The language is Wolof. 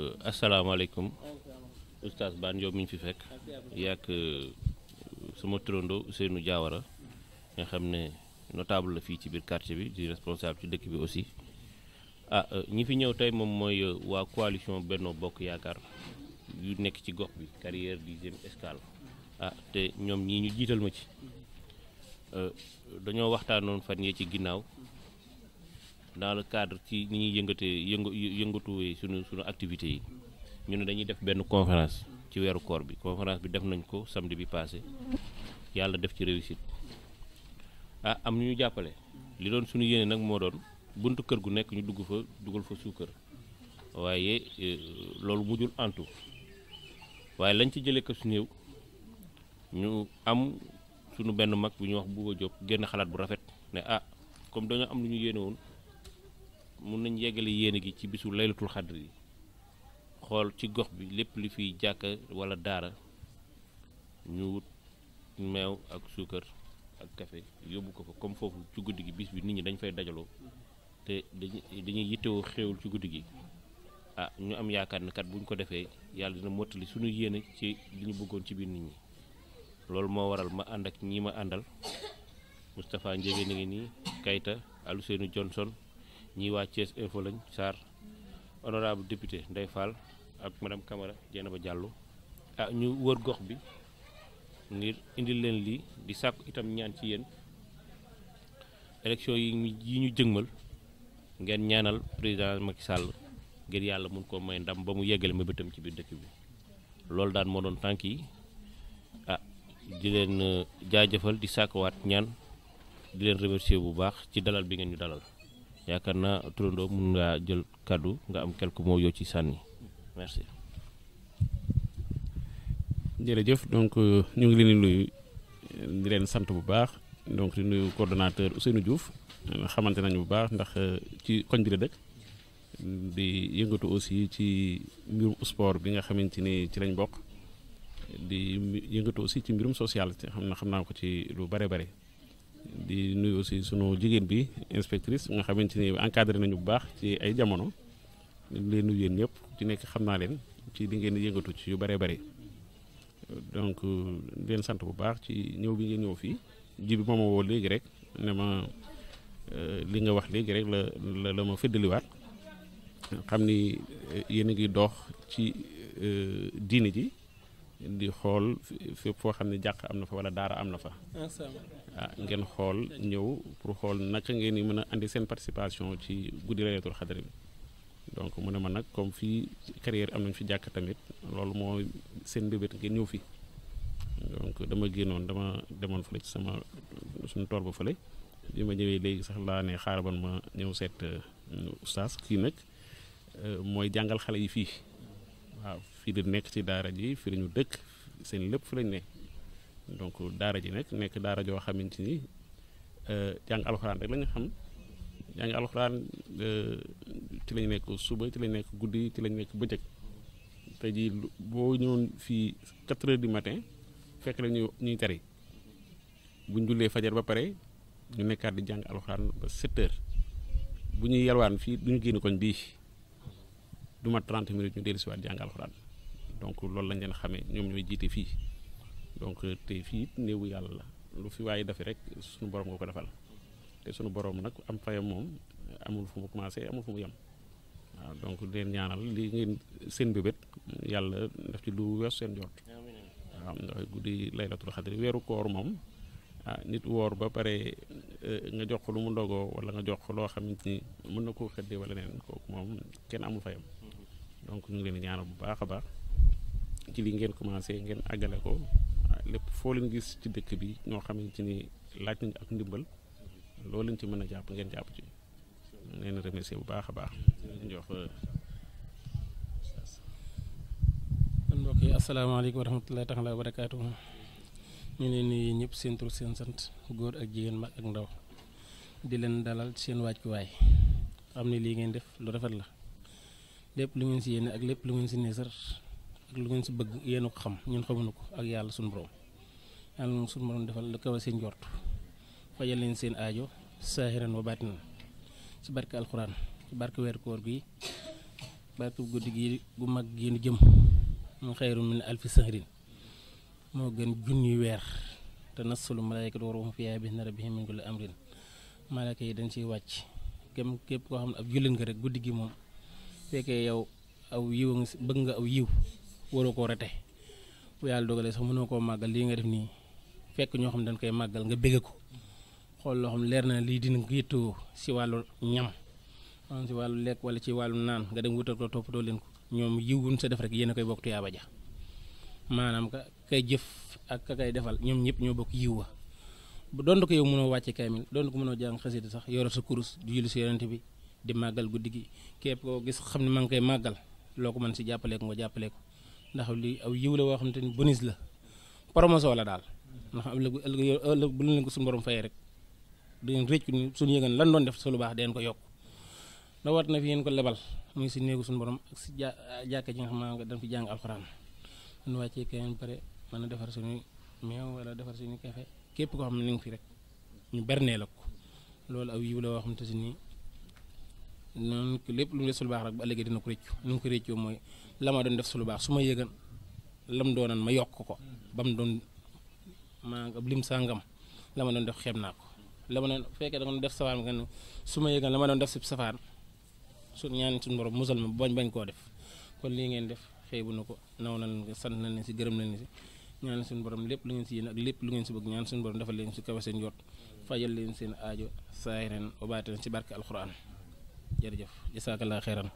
Euh, asalaamaaleykum oustaz Ban Diop mi ñu fi fekk yàgg euh, sama turando seenu jaawara nga xam ne notable la fii ci biir quartier bi di responsable ci dëkk bi aussi ah, euh, ñi fi ñëw tey moom mooy waa coalition Benno Bokk Yaakaar yu nekk ci gox bi carrière dixième escale ah te ñoom ñii ñu jiital ma ci dañoo waxtaan waxtaanoon fan yee ci ginnaaw dans le cadre ci ni ñuy yëngatee yëngu yëngatuwee suñu suñu activité yi ñu ne dañuy def benn conférence ci weeru koor bi conférence bi def nañ ko samedi bi passé yàlla def ci réussite ah am ñu jàppale li doon suñu yéene nag moo doon buntu kër gu nekk ñu dugg fa dugal fa suukar waaye euh, loolu mujjul antu waaye lañ ci jëlee ko su néew ñu am sunu benn mag bu ñu wax Bouba Diop génn xalaat bu rafet ne ah comme dañoo am lu ñu yéene mun nañ yeggale yéene gi ci bisu laylatul xadri yi xool ci gox bi lépp li fiy jàkk wala daara ñu wut meew ak suukar ak café yóbbu ko fa comme foofu ci guddi gi bis bi nit ñi dañ fay dajaloo te dañuy dañuy yittewoo xéewul ci guddi gi ah ñu am yaakaar ne kat buñ ko defee yàlla dina mottali suñu yéene ci li ñu bëggoon ci biir nit ñi loolu moo waral ma ànd ak ñi ma àndal Moustapha Ndiégué ni ngi nii Kayta Aluseynu Johnson ñi wa Thiès info lañ sar honorable député Ndey Fall ak madame Camara Dienaba Diallo ah ñu wër gox bi ngir indil leen li di sakku itam ñaan ci yeen élection yi ñu jëgmal ngeen ñaanal président Macky Sall ngir yàlla mun ko may ndam ba mu yeggale ma bëttam ci biir dëkk bi loolu daan moo doon tànk yi ah di leen euh, jaajëfal di sàkkuwaat ñaan di leen remercier bu baax ci dalal bi ngeen ñu dalal yaakaar naa turandoo mun ngaa jël kàddu nga am quelques mots yoo ci sànni merci. jërëjëf donc euh, ñu ngi leen di leen sant bu baax donc di nuyu coordonnateur Ousseynou Diouf xamante nañu bu baax ndax euh, ci koñ bi la dëkk di yëngatu aussi ci mbirum sport bi nga xamante ni ci lañ bokk di yëngatu aussi ci mbirum social xam na xam naa ko ci lu bare bare di nuy aussi sunu jigéen bi inspectrice nga xamante ni encadré nañu bu baax ci ay jamono leen nuyu yéen ñëpp ci nekk xam naa leen ci li ngeen di yëngatu ci yu bare bëri donc leen sant bu baax ci ñëw bi ngeen ñëw fii ji bi moom woo léegi rek ne ma euh, li nga wax léegi rek la la la ma fëddaliwaat xam ni euh, yéen a ngi dox ci euh, diini ji di xool fépp foo xam ne jàq am na fa wala daara am na fa. Ah, ngeen xool ñëw pour xool naka ngeen ni mën a andi seen participation ci guddi rayatul xadar bi donc mu ne ma nag comme fii carrière am nañ fi jàkk tamit loolu moo seen mbébét ngeen ñëw fi donc dama génnoon dama demoon fële ci sama suñu tool ba fële bi ma ñëwee léegi sax laa ne xaaraban ma ñëw seet euh, oustaz kii nag euh, mooy jàngal xale yi fii waaw fii di nekk ci daara ji fi la ñu dëkk seen lépp fi lañ ne donc daara ji nek nek daara jo xamanteni euh jang alcorane rek la ñu xam jàng alxuraan euh, ci lañu nek suba ci lañu nek guddi ci lañu nek beujek tay ji bo ñoon fi 4h du matin fekk lañu ñuy téré buñ ñu fajar ba paré ñu nekkaat di jang alcorane ba 7h buñu yelwaan fi duñu du koñ bi duma 30 minutes ñu dellusiwaat jang alcorane donc loolu lañu leen xamé ñom ñoy jité fi donc euh, te fii it néewu yàlla la lu fi waaye defe rek suñu borom nga ko defal te suñu borom nag am fayam moom amul fu mu commencé amul fu mu yem waaw donc leen ñaanal li ngeen seen bébét yàlla def ci lu weesu seen jort guddi laylatul weeru koor moom ah nit woor ba pare eh, nga jox ko lu mu ndogoo wala nga jox ko loo xamante ni mën na koo xëddee wala neen kooku moom kenn amul fayam donc ñu leen ñaanal bu baax a baax ci li ngeen commencé ngeen àggale ko lépp foo leen gis ci dëkk bi ñoo xamante ni laaj nañu ak ndimbal loolu lañ ci mën a jàpp ngeen jàpp ci leen remercier bu baax a baax jox euh, mbokk yi asalaamaaleykum wa tax taala wa barakaatu ñu ngi leen nuyu ñëpp seen tur seen sant góor ak jigéen mag ak ndaw di leen dalal seen wàccuwaay xam ne lii ngeen def lu rafet la lépp lu ngeen si yéene ak lépp lu ngeen si neesar ak lu ngeen si bëgg yéen ko xam ñun xamuñu ko ak yàlla suñu borom yàlla moom suñu borom defal lu kawe seen jort fajal leen seen aajo saahiran wa baatinan ci barke alxuraan ci barke weer koor gi barke guddi gi gu mag gi nu jëm mu xayru min alfi sahrin moo gën junni weer te nasalu malaayikatu wa ruuhu fiihaa bi izni rabbihim min kulli amrin malaaka yi dañ ciy wàcc kem képp koo xam ne ab jullit nga rek guddi gi moom fekkee yow aw yiw bëgg nga aw yiw waroo koo rete bu yàlla dogalee sax mënoo koo màggal lii nga def nii fekk ñoo xam ne dañ koy màggal nga bëgg ko xool loo xam leer na lii dina ko yittoo si wàllu ñam maanaam si wàllu lekk wala ci wàllu naan nga dem wutal ko toppatoo leen ko ñoom yiw wuñ sa def rek yéen a koy bokk tuyaaba ja maanaam ka kay jëf ak ka kay defal ñoom ñëpp ñoo bokk yiw wa bu doon ko yow mënoo wàcce kaamil doon ko mënoo jàng xasida sax yoro sa kurus di julli si yonent bi di màggal guddi gi képp koo gis xam ne maa ngi koy màggal loo ko mën si jàppale ko jàppale ko ndax lii aw yiw woo xam ni bonus la promotion ndax ëllëg ëllëg bu leen ko suñu borom fayee rek da ngeen rëccu ni lan doon def sa lu baax deen ko yokk rawat na fi ngeen ko lebal muy si néegu suñu borom ak si ja jàkka ji nga xam ne dañ fi jàng alxuraan ñu wàccee keneen pare mën a defar suñu meew wala defar suñu kafe képp koo xam ne ni nga fi rek ñu bernee la ko loolu aw yiw la woo si nii noonu lépp lu def su lu baax rek ba ëllëgee dina ko rëccu ni ko rëccoo mooy la ma doon def su lu baax su ma yëgan lam doonan ma yokk ko ba mu doon maanaam ab lim sàngam la ma def xeeb naa ko la ma doon fekkee da nga def safaan nga ne su ma yëgal la ma su ñaan suñu borom musal ma bañ bañ koo def kon lii ngeen def xeebu na ko naw na leen sant na leen si gërëm na leen si ñaan suñu borom lépp lu ngeen si yéen ak lépp lu ngeen si bëgg ñaan suñu borom defal leen si kawe seen jot fajal leen seen aajo saahiran wa baatinan si barke alquran jërëjëf jasaakallaa xeeran